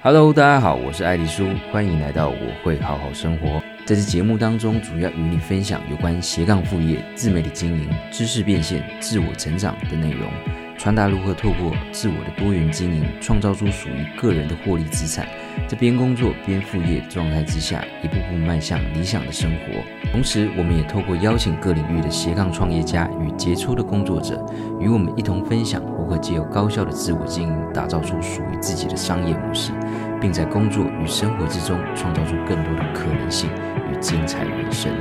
Hello，大家好，我是艾迪蘇，歡迎來到我會好好生活。在這節目當中，主要與你分享有關斜槓副業、自媒體經營、知識變現、自我成長的內容。傳達如何透過自我的多元經營，創造出屬於個人的獲利資產，在邊工作邊副業狀態之下，一步步邁向理想的生活。同時，我們也透過邀請各領域的斜槓創業家與傑出的工作者，與我們一同分享如何藉由高效的自我經營，打造出屬於自己的商業模式，並在工作與生活之中創造出更多的可能性與精彩人生。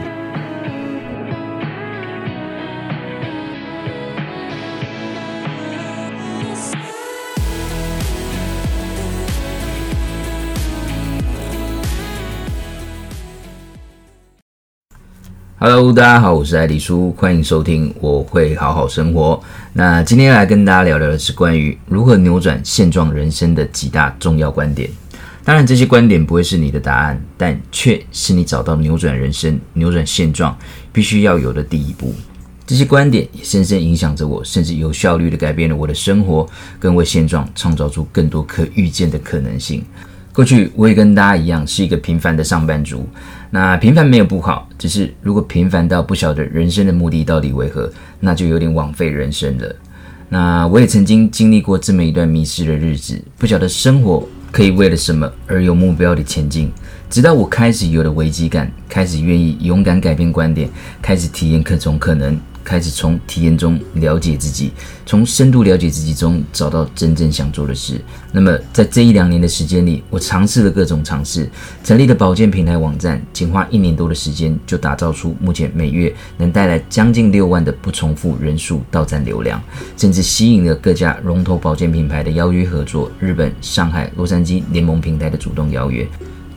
哈嘍，Hello, 大家好，我是艾迪蘇，歡迎收聽我會好好生活。那今天要來跟大家聊聊的是關於如何扭轉現狀人生的幾大重要觀點。當然，這些觀點不會是你的答案，但卻是你找到扭轉人生、扭轉現狀必須要有的第一步。這些觀點也深深影響着我，甚至有效率地改變了我的生活，更為現狀創造出更多可預見的可能性。過去我也跟大家一樣，是一個平凡的上班族。那平凡沒有不好，只是如果平凡到不曉得人生的目的到底為何，那就有點枉費人生了。那我也曾經經歷過這麼一段迷失的日子，不曉得生活可以為了什麼而有目標的前進，直到我開始有了危機感，開始願意勇敢改變觀點，開始體驗各種可能。開始從體驗中了解自己，從深度了解自己中找到真正想做的事。那麼，在這一兩年的時間裡，我嘗試了各種嘗試，成立了保健平台網站，僅花一年多的時間就打造出目前每月能帶來將近六萬的不重複人數到站流量，甚至吸引了各家龍頭保健品牌的邀約合作，日本、上海、洛杉磯聯盟平台的主動邀約。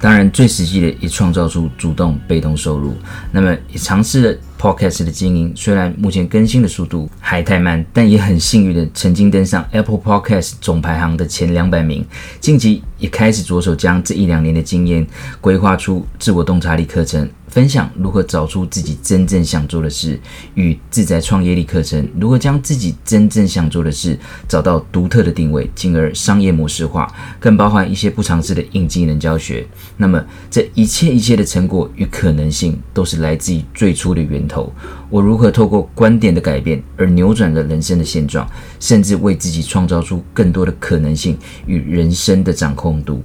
當然，最實際的也創造出主動、被動收入。那麼，也嘗試了。Podcast 的經營雖然目前更新的速度還太慢，但也很幸運的曾經登上 Apple Podcast 總排行的前兩百名。近期也開始着手將這一兩年的經驗規劃出自我洞察力課程，分享如何找出自己真正想做的事；與自在創業力課程，如何將自己真正想做的事找到獨特的定位，進而商業模式化，更包含一些不嘗試的硬技能教學。那麼這一切一切的成果與可能性，都是來自於最初的原。頭，我如何透過觀點的改變而扭轉了人生的現狀，甚至為自己創造出更多的可能性與人生的掌控度。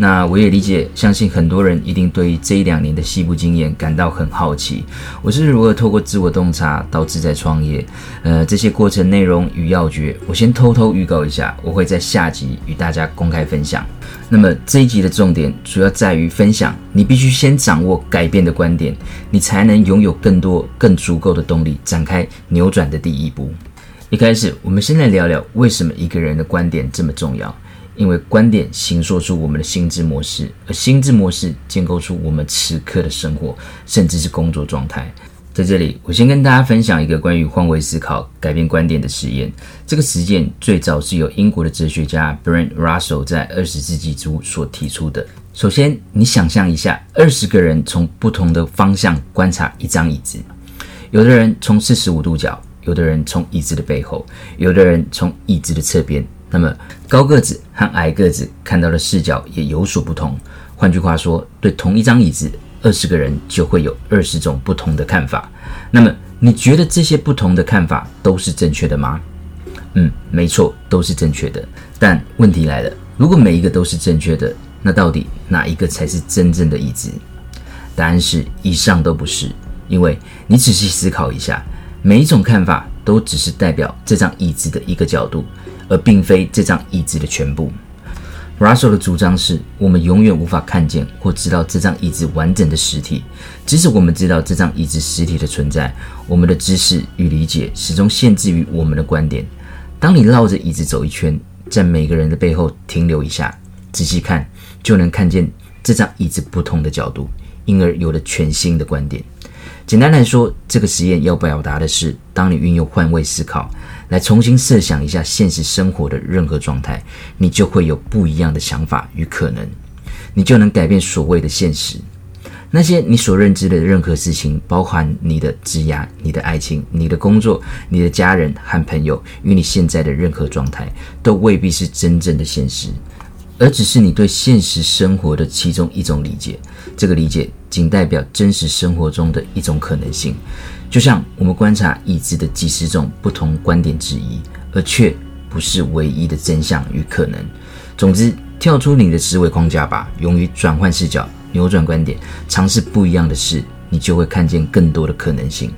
那我也理解，相信很多人一定對於這一兩年的西部經驗感到很好奇。我是如何透過自我洞察到自在創業？呃，這些過程內容與要訣，我先偷偷預告一下，我會在下集與大家公開分享。那麼這一集的重點主要在於分享，你必須先掌握改變的觀點，你才能擁有更多更足夠的動力，展開扭轉的第一步。一開始，我們先來聊聊為什麼一個人的觀點這麼重要。因為觀點形塑出我們的心智模式，而心智模式建構出我們此刻的生活，甚至是工作狀態。在這裡，我先跟大家分享一個關於換位思考、改變觀點的實驗。這個實驗最早是由英國的哲學家 Bertrand Russell 在二十世紀初所提出的。首先，你想象一下，二十個人從不同的方向觀察一張椅子，有的人從四十五度角，有的人從椅子的背後，有的人從椅子的側邊。那麼高個子和矮個子看到的視角也有所不同。換句話說，對同一張椅子，二十個人就會有二十種不同的看法。那麼，你覺得這些不同的看法都是正確的嗎？嗯，沒錯，都是正確的。但問題來了，如果每一個都是正確的，那到底哪一個才是真正的椅子？答案是以上都不是。因為你仔細思考一下，每一種看法都只是代表這張椅子的一個角度。而並非這張椅子的全部。Russell 的主張是我們永遠無法看見或知道這張椅子完整的實體。即使我們知道這張椅子實體的存在，我們的知識與理解始終限制於我們的觀點。當你繞着椅子走一圈，在每個人的背後停留一下，仔細看，就能看見這張椅子不同的角度，因而有了全新的觀點。簡單來說，這個實驗要表達的是，當你運用換位思考，來重新設想一下現實生活的任何狀態，你就會有不一樣的想法與可能，你就能改變所謂的現實。那些你所認知的任何事情，包含你的職涯、你的愛情、你的工作、你的家人和朋友，與你現在的任何狀態，都未必是真正的現實，而只是你對現實生活的其中一種理解。這個理解僅代表真實生活中的一種可能性。就像我們觀察已知的幾十種不同觀點之一，而卻不是唯一的真相與可能。總之，跳出你的思維框架吧，勇於轉換視角、扭轉觀點，嘗試不一樣的事，你就會看見更多的可能性。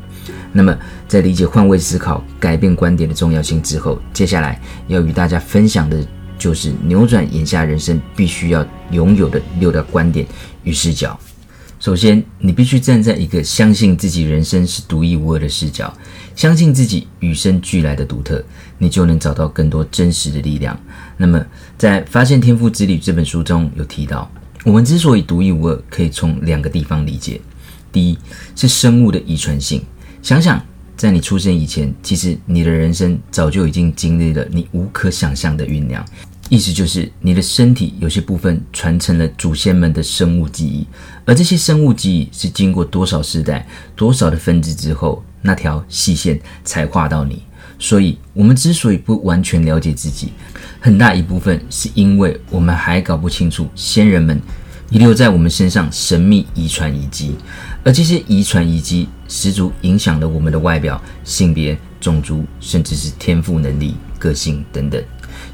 那麼，在理解換位思考、改變觀點的重要性之後，接下來要與大家分享的就是扭轉眼下人生必須要擁有的六大觀點與視角。首先，你必須站在一個相信自己人生是獨一無二的視角，相信自己與生俱來的獨特，你就能找到更多真實的力量。那麼，在《發現天賦之旅》這本書中有提到，我們之所以獨一無二，可以從兩個地方理解：第一，是生物的遺傳性。想想，在你出生以前，其實你的人生早就已經經歷了你無可想象的醞釀。意思就是，你的身體有些部分傳承了祖先們的生物記憶，而這些生物記憶是經過多少世代、多少的分支之後，那條細線才畫到你。所以，我們之所以不完全了解自己，很大一部分是因為我們還搞不清楚先人們遺留在我們身上神秘遺傳遺跡。而這些遺傳遺跡，十足影響了我們的外表、性別、種族，甚至是天賦能力、個性等等。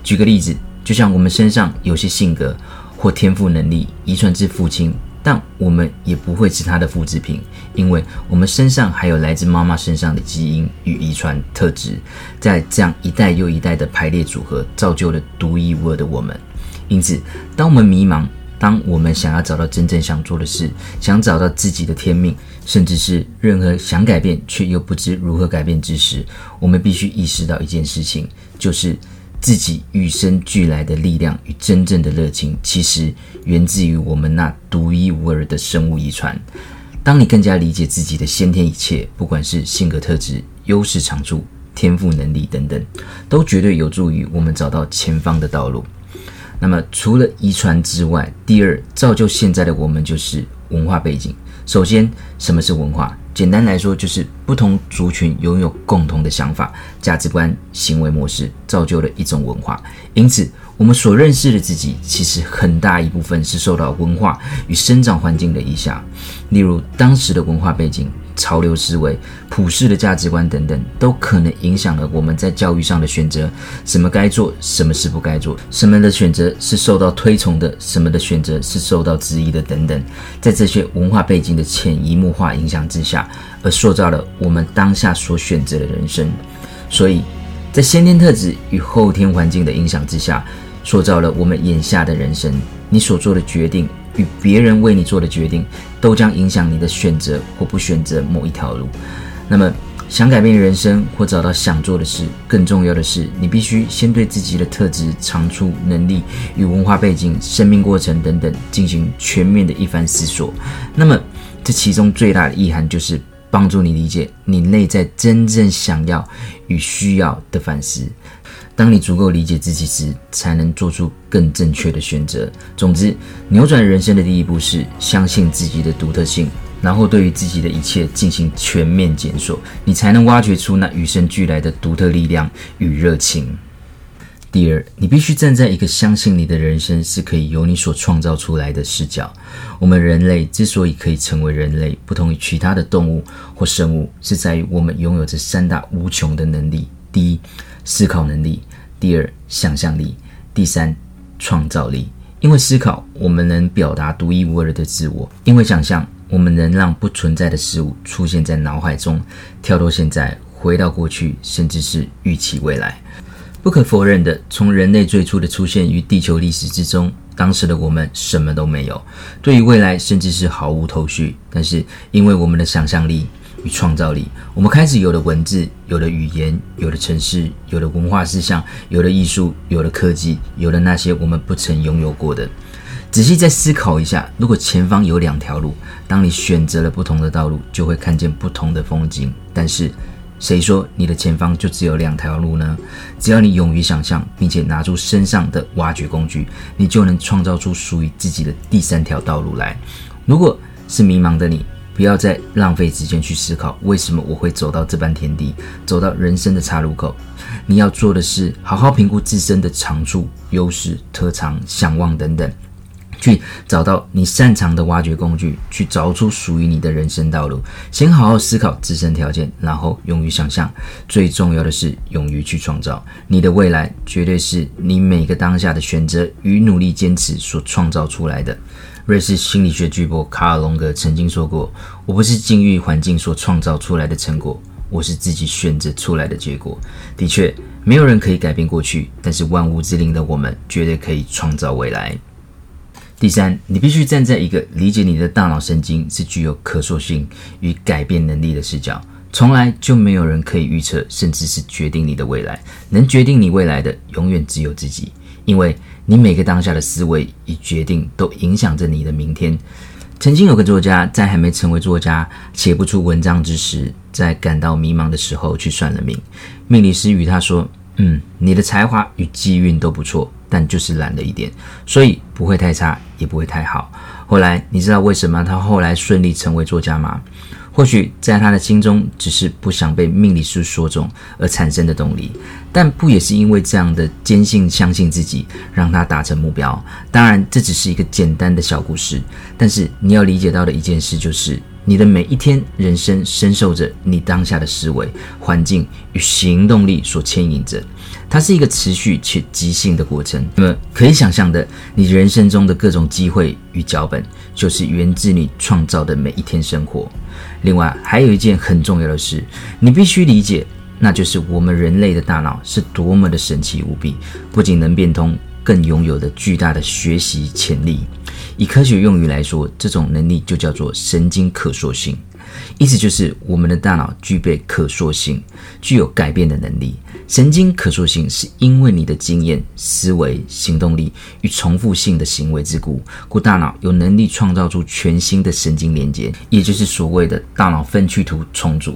舉個例子。就像我們身上有些性格或天賦能力遺傳自父親，但我們也不會是他的複製品，因為我們身上還有來自媽媽身上的基因與遺傳特質，在這樣一代又一代的排列組合，造就了獨一無二的我們。因此，當我們迷茫，當我們想要找到真正想做的事，想找到自己的天命，甚至是任何想改變卻又不知如何改變之時，我們必須意識到一件事情，就是。自己與生俱來的力量與真正的熱情，其實源自於我們那獨一無二的生物遺傳。當你更加理解自己的先天一切，不管是性格特質、優勢長處、天賦能力等等，都絕對有助於我們找到前方的道路。那麼，除了遺傳之外，第二造就現在的我們就是文化背景。首先，什麼是文化？簡單來說，就是不同族群擁有共同的想法、價值觀、行為模式，造就了一種文化。因此，我們所認識的自己，其實很大一部分是受到文化與生長環境的影響。例如，當時的文化背景。潮流思維、普世的價值觀等等，都可能影響了我們在教育上的選擇：什麼該做，什麼是不該做，什麼的選擇是受到推崇的，什麼的選擇是受到質疑的，等等。在這些文化背景的潛移默化影響之下，而塑造了我們當下所選擇的人生。所以在先天特質與後天環境的影響之下，塑造了我們眼下的人生。你所做的決定。與別人為你做的決定，都將影響你的選擇或不選擇某一條路。那麼，想改變人生或找到想做的事，更重要的是，你必須先對自己的特質、長處、能力與文化背景、生命過程等等進行全面的一番思索。那麼，這其中最大的意涵就是幫助你理解你內在真正想要與需要的反思。當你足夠理解自己時，才能做出更正確的選擇。總之，扭轉人生的第一步是相信自己的獨特性，然後對於自己的一切進行全面檢索，你才能挖掘出那與生俱來的獨特力量與熱情。第二，你必須站在一個相信你的人生是可以由你所創造出來的視角。我們人類之所以可以成為人類，不同於其他的動物或生物，是在於我們擁有這三大無窮的能力。第一，思考能力，第二，想象力，第三，創造力。因為思考，我們能表達獨一無二的自我；因為想象，我們能讓不存在的事物出現在腦海中，跳脫現在，回到過去，甚至是預期未來。不可否認的，從人類最初的出現於地球歷史之中，當時的我們什麼都沒有，對於未來甚至是毫無頭緒。但是因為我們的想象力。與創造力，我們開始有了文字，有了語言，有了城市，有了文化思想，有了藝術，有了科技，有了那些我們不曾擁有過的。仔細再思考一下，如果前方有兩條路，當你選擇了不同的道路，就會看見不同的風景。但是，誰說你的前方就只有兩條路呢？只要你勇於想象，並且拿出身上的挖掘工具，你就能創造出屬於自己的第三條道路來。如果是迷茫的你，不要再浪費時間去思考為什麼我會走到這般田地，走到人生的岔路口。你要做的是好好評估自身的長處、優勢、特長、向往等等，去找到你擅長的挖掘工具，去找出屬於你的人生道路。先好好思考自身條件，然後勇於想象。最重要的是，勇於去創造。你的未來絕對是你每個當下的選擇與努力堅持所創造出來的。瑞士心理學巨擘卡爾·榮格曾經說過：“我不是境遇環境所創造出來的成果，我是自己選擇出來的結果。”的確，沒有人可以改變過去，但是萬物之靈的我們絕對可以創造未來。第三，你必須站在一個理解你的大腦神經是具有可塑性與改變能力的視角。從來就沒有人可以預測，甚至是決定你的未來。能決定你未來的，永遠只有自己，因為。你每個當下的思維與決定都影響着你的明天。曾經有個作家在還沒成為作家、寫不出文章之時，在感到迷茫的時候去算了命，命理師與他說：“嗯，你的才華與機運都不錯，但就是懶了一點，所以不會太差，也不會太好。”後來，你知道為什麼他後來順利成為作家嗎？或許在他的心中，只是不想被命理師說中而產生的動力，但不也是因為這樣的堅信、相信自己，讓他達成目標？當然，這只是一個簡單的小故事，但是你要理解到的一件事就是，你的每一天人生，深受着你當下的思維、環境與行動力所牽引着，它是一個持續且即興的過程。那麼，可以想象的，你人生中的各種機會與腳本，就是源自你創造的每一天生活。另外，還有一件很重要的事，你必須理解，那就是我們人類的大腦是多麼的神奇無比，不僅能變通，更擁有著巨大的學習潛力。以科學用語來說，這種能力就叫做神經可塑性，意思就是我們的大腦具備可塑性，具有改變的能力。神經可塑性是因為你的經驗、思維、行動力與重複性的行為之故，故大腦有能力創造出全新的神經連結，也就是所謂的大腦分區圖重組。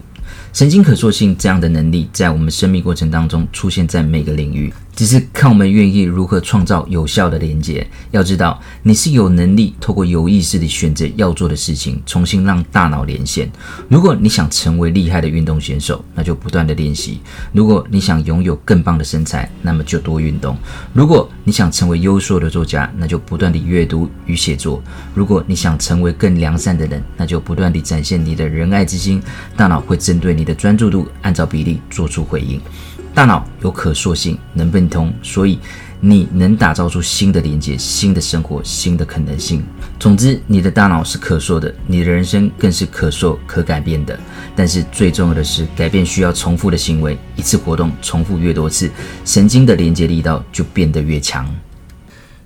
神經可塑性這樣的能力，在我們生命過程當中，出現在每個領域。只是看我們願意如何創造有效的連接。要知道，你是有能力透過有意識地選擇要做的事情，重新讓大腦連線。如果你想成為厲害的運動選手，那就不斷地練習；如果你想擁有更棒的身材，那麼就多運動；如果你想成為優秀的作家，那就不斷地閱讀與寫作；如果你想成為更良善的人，那就不斷地展現你的仁愛之心。大腦會針對你的專注度，按照比例做出回應。大腦有可塑性，能變通，所以你能打造出新的連接、新的生活、新的可能性。總之，你的大腦是可塑的，你的人生更是可塑、可改變的。但是最重要的是，改變需要重複的行為，一次活動重複越多次，神經的連接力道就變得越強。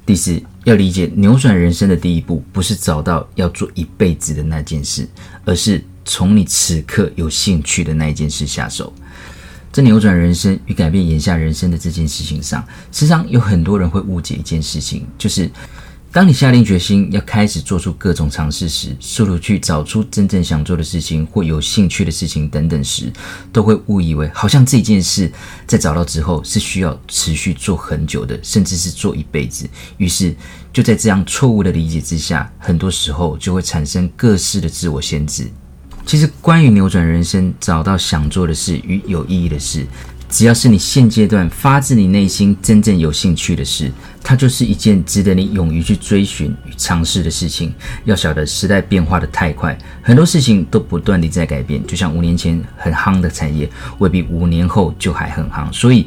第四，要理解扭轉人生的第一步，不是找到要做一輩子的那件事，而是從你此刻有興趣的那一件事下手。在扭轉人生與改變眼下人生的這件事情上，時常有很多人會誤解一件事情，就是當你下定決心要開始做出各種嘗試時，試圖去找出真正想做的事情或有興趣的事情等等時，都會誤以為好像這件事在找到之後是需要持續做很久的，甚至是做一輩子。於是就在這樣錯誤的理解之下，很多時候就會產生各式的自我限制。其實，關於扭轉人生、找到想做的事與有意義的事，只要是你現階段發自你內心真正有興趣的事。它就是一件值得你勇於去追尋與嘗試的事情。要曉得時代變化得太快，很多事情都不斷地在改變。就像五年前很夯的產業，未必五年後就還很夯。所以，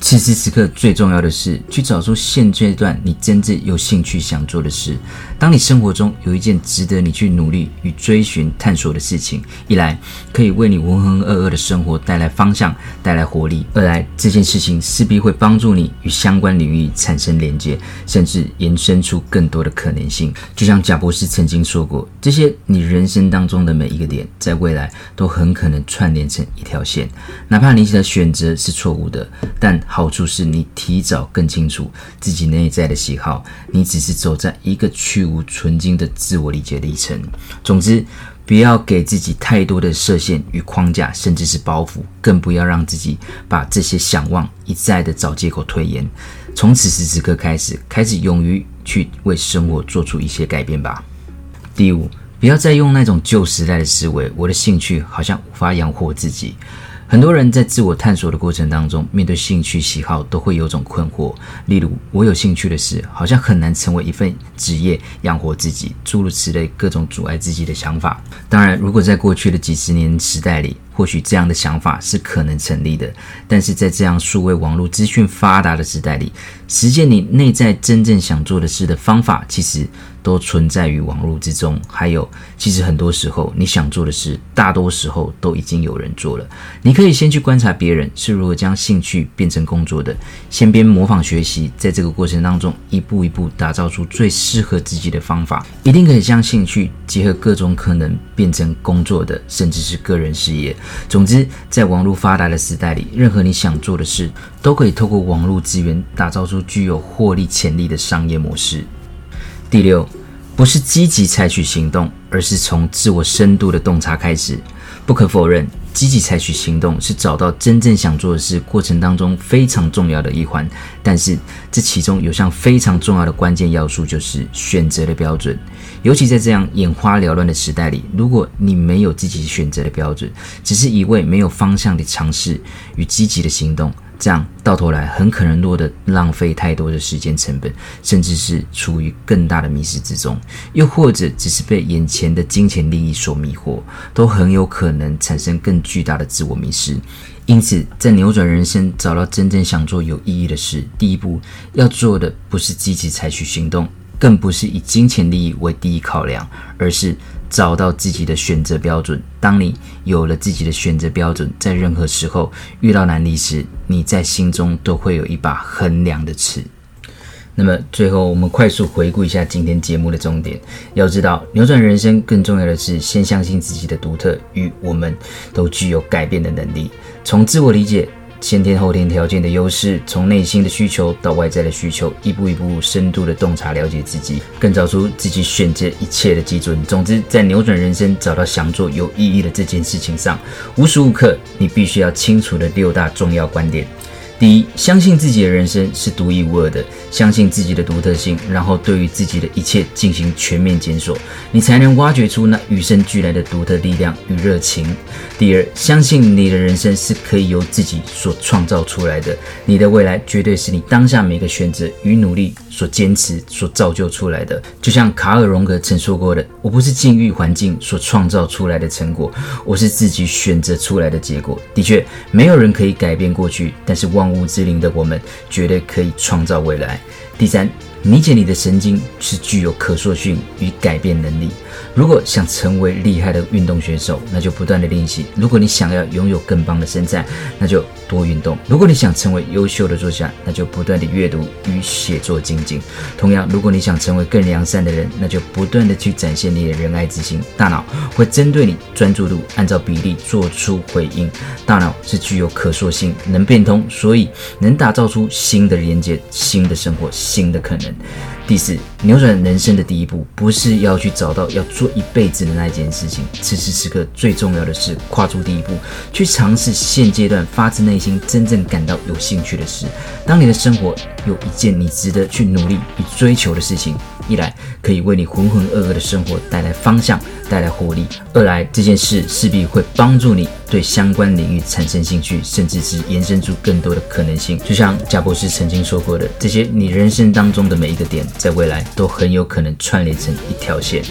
此時此刻最重要的是去找出現階段你真正有興趣想做的事。當你生活中有一件值得你去努力與追尋探索的事情，一來可以為你渾渾噩噩的生活帶來方向、帶來活力；二來這件事情勢必會幫助你與相關領域產生聯。甚至延伸出更多的可能性。就像賈伯斯曾經說過，這些你人生當中的每一個點，在未來都很可能串聯成一條線。哪怕你的選擇是錯誤的，但好處是你提早更清楚自己內在的喜好。你只是走在一個去蕪存菁的自我理解歷程。總之，不要給自己太多的設限與框架，甚至是包袱。更不要讓自己把這些想望一再的找借口推延。從此時此刻開始，開始勇於去為生活做出一些改變吧。第五，不要再用那種舊時代的思維，我的興趣好像無法養活自己。很多人在自我探索的過程當中，面對興趣喜好，都會有種困惑。例如，我有興趣的事，好像很難成為一份職業養活自己，諸如此類各種阻礙自己的想法。當然，如果在過去的幾十年時代裡，或許這樣的想法是可能成立的。但是在這樣數位網絡資訊發達的時代裡，實現你內在真正想做的事的方法，其實。都存在於網絡之中，還有，其實很多時候你想做的事，大多時候都已經有人做了。你可以先去觀察別人是如何將興趣變成工作的，先邊模仿學習，在這個過程當中一步一步打造出最適合自己的方法，一定可以將興趣結合各種可能變成工作的，甚至是個人事業。總之，在網絡發達的時代裡，任何你想做的事，都可以透過網絡資源打造出具有獲利潛力的商業模式。第六。不是積極採取行動，而是從自我深度的洞察開始。不可否認，積極採取行動是找到真正想做的事過程當中非常重要的一環。但是，這其中有項非常重要的關鍵要素，就是選擇的標準。尤其在這樣眼花繚亂的時代裡，如果你沒有自己選擇的標準，只是一味沒有方向的嘗試與積極的行動。這樣到頭來，很可能落得浪費太多的時間成本，甚至是處於更大的迷失之中；又或者只是被眼前的金錢利益所迷惑，都很有可能產生更巨大的自我迷失。因此，在扭轉人生、找到真正想做有意義的事，第一步要做的不是積極採取行動，更不是以金錢利益為第一考量，而是。找到自己的選擇標準。當你有了自己的選擇標準，在任何時候遇到難題時，你在心中都會有一把衡量的尺。那麼，最後我們快速回顧一下今天節目的重點。要知道，扭轉人生更重要的是先相信自己的獨特與我們都具有改變的能力。從自我理解。先天後天條件的優勢，從內心的需求到外在的需求，一步一步深度的洞察了解自己，更找出自己選擇一切的基準。總之，在扭轉人生、找到想做有意義的這件事情上，無時無刻你必須要清楚的六大重要觀點。第一，相信自己的人生是獨一無二的，相信自己的獨特性，然後對於自己的一切進行全面檢索，你才能挖掘出那與生俱來的獨特力量與熱情。第二，相信你的人生是可以由自己所創造出來的，你的未來絕對是你當下每個選擇與努力。所堅持、所造就出來的，就像卡爾·榮格曾說過的：“我不是境遇環境所創造出來的成果，我是自己選擇出來的結果。”的確，沒有人可以改變過去，但是萬物之靈的我們，絕對可以創造未來。第三，理解你的神經是具有可塑性與改變能力。如果想成為厲害的運動選手，那就不斷地練習；如果你想要擁有更棒的身材，那就多運動；如果你想成為優秀的作家，那就不斷地閱讀與寫作精進。同樣，如果你想成為更良善的人，那就不斷地去展現你的仁愛之心。大腦會針對你專注度按照比例做出回應。大腦是具有可塑性，能變通，所以能打造出新的連接、新的生活、新的可能。第四，扭轉人生的第一步，不是要去找到要做一輩子的那件事情。此時此刻，最重要的是跨出第一步，去嘗試現階段發自內心真正感到有興趣的事。當你的生活有一件你值得去努力與追求的事情，一來可以為你渾渾噩噩的生活帶來方向，帶來活力；二來這件事勢必會幫助你對相關領域產生興趣，甚至是延伸出更多的可能性。就像賈伯斯曾經說過的，這些你人生當中的每一個點。在未來都很有可能串聯成一條線。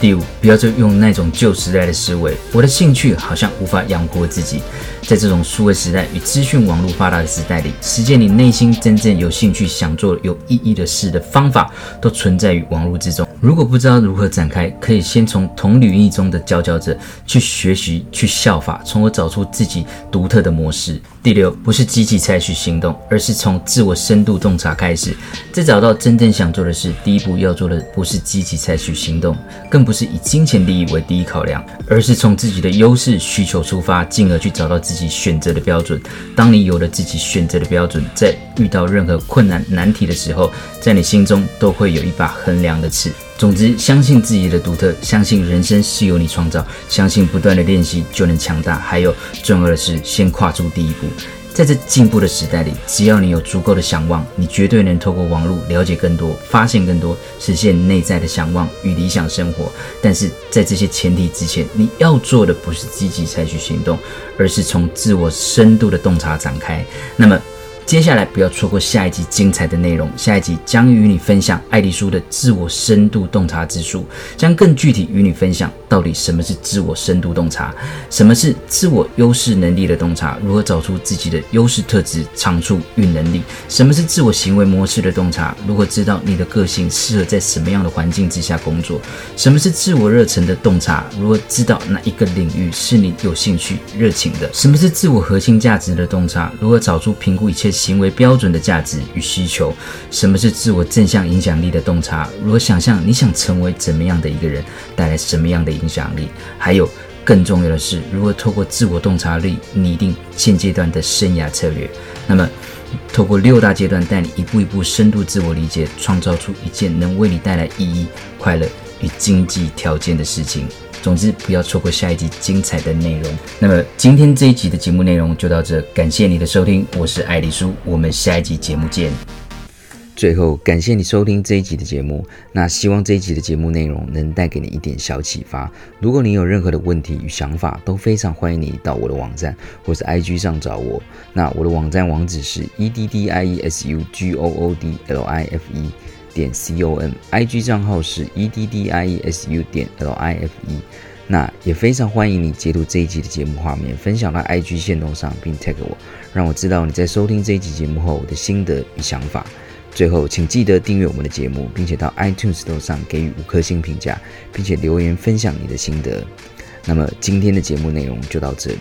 第五，不要再用那種舊時代的思維。我的興趣好像無法養活自己。在這種數位時代與資訊網絡發達的時代裡，實踐你內心真正有興趣、想做有意義的事的方法，都存在於網絡之中。如果不知道如何展開，可以先從同領域中的佼佼者去學習、去效法，從而找出自己獨特的模式。第六，不是積極採取行動，而是從自我深度洞察開始。在找到真正想做的事，第一步要做的不是積極採取行動，更不是以金錢利益為第一考量，而是從自己的優勢需求出發，進而去找到自己選擇的標準。當你有了自己選擇的標準，在遇到任何困難難題的時候，在你心中都會有一把衡量的尺。總之，相信自己的獨特，相信人生是由你創造，相信不斷的練習就能強大。還有重要的是，先跨出第一步。在這進步的時代裡，只要你有足夠的向往，你絕對能透過網絡了解更多、發現更多，實現內在的向往與理想生活。但是在這些前提之前，你要做的不是積極採取行動，而是從自我深度的洞察展開。那麼。接下來不要錯過下一集精彩的內容。下一集將與你分享艾迪蘇的自我深度洞察之術，將更具體與你分享到底什麼是自我深度洞察，什麼是自我優勢能力的洞察，如何找出自己的優勢特質、長處與能力，什麼是自我行為模式的洞察，如何知道你的個性適合在什麼樣的環境之下工作，什麼是自我熱忱的洞察，如何知道哪一個領域是你有興趣、熱情的，什麼是自我核心價值的洞察，如何找出評估一切。行為標準的價值與需求，什麼是自我正向影響力的洞察？如何想象你想成為怎麼樣的一個人，帶來什麼樣的影響力？還有更重要的是，如何透過自我洞察力擬定現階段的生涯策略？那麼，透過六大階段帶你一步一步深度自我理解，創造出一件能為你帶來意義、快樂與經濟條件的事情。總之，不要錯過下一集精彩的內容。那麼，今天這一集的節目內容就到這，感謝你的收聽，我是艾迪蘇，我們下一集節目見。最後，感謝你收聽這一集的節目，那希望這一集的節目內容能帶給你一點小啟發。如果你有任何的問題與想法，都非常歡迎你到我的網站或是 IG 上找我。那我的網站網址是 e d d i e s u g o o d l i f e。點 com i g 賬號是 e d d i e s u 點 l i f e，那也非常歡迎你截圖這一集的節目畫面，分享到 i g 限動上，並 tag 我，讓我知道你在收聽這一集節目後的心得與想法。最後，請記得訂閱我們的節目，並且到 iTunes store 上給予五顆星評價，並且留言分享你的心得。那麼，今天的節目內容就到這裡。